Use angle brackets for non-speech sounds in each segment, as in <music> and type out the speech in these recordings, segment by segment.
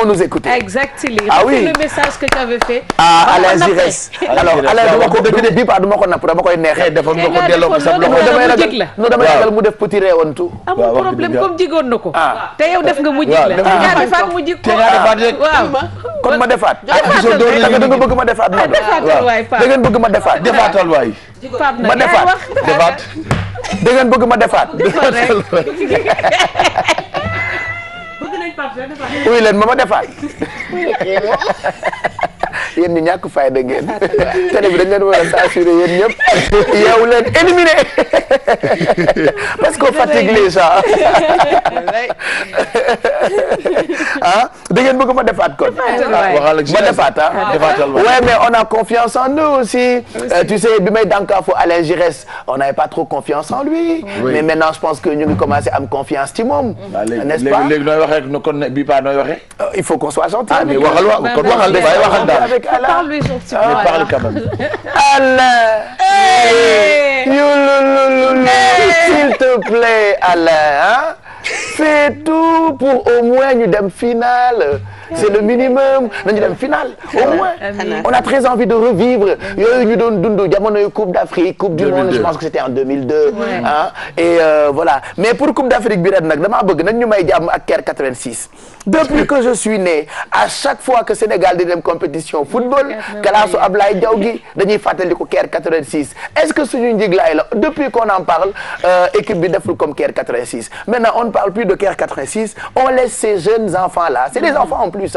vont nous écouter. exactement ah oui le message que tu avais fait. ah Alain Giresse <laughs> alors Alain ko déglu bii ba koy neexee. Eh, defoon nga eh, ko delloo ko sa loxo damay ragal non damay mu def petit réewantu. amul problème comme jigoon na ko. ah te yow def nga mu jig la. ma defaat mu jig ko waaw kon ma defaat. defaat da nga bëgg defaat ma da ngeen bëgg ma defaat. defaatal waay. ma defaat defaat da bëgg ma defaat. <laughs> uy leen ma ma defaat yen ñu ñàkk fayda ngeen <laughs> télé bi dañ leen war a censurer yéen ñëpp yeewu leen éliminé <laughs> parce qu'on fatigue sa a <laughs> ah da ngeen bëgg ma defaat kon. ma ah, ah, defaat ah. oui mais on a confiance en nous aussi. Euh, tu sais bi may dànkaafu Alain Giresse on n'avait pas trop confiance en lui. Oui. mais maintenant je pense que ñu ngi commencé am confiance ci moom. n'est-ce pas léegi léegi nooy waxee nu kon bii pas te plaît Alain c'est tout pour au moins ñu dem finale c'est le minimum nañu dem finale au moins on a très envie de revivre yooyu ñu doon dund jamonoy Coupe d'Afrique Coupe du monde je pense que c'était en ah. et euh, voilà mais pour Coupe d'Afrique bi ren nag damaa bëgg nañ ñu may jàmm ak Caire 86 depuis que je suis né à chaque fois que Sénégal di dem compétition football kalaasu Ablaye Diaw gi dañuy fàttali ko Caire 86 est-ce que suñu njiglaay la depuis qu'on en parle euh, équipe bi deful ne parle plus de Caire 86 on laisse ces jeunes enfants là c'est des mm-hmm. enfants en mm-hmm.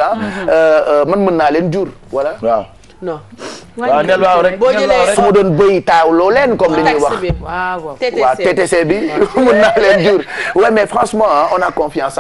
euh, euh, man naa leen jur voilà. waaw non. waaw nel waaw ma doon bëy taawloo leen comme li ñuy wax waaw TTC bi <laughs> mën naa leen a confiance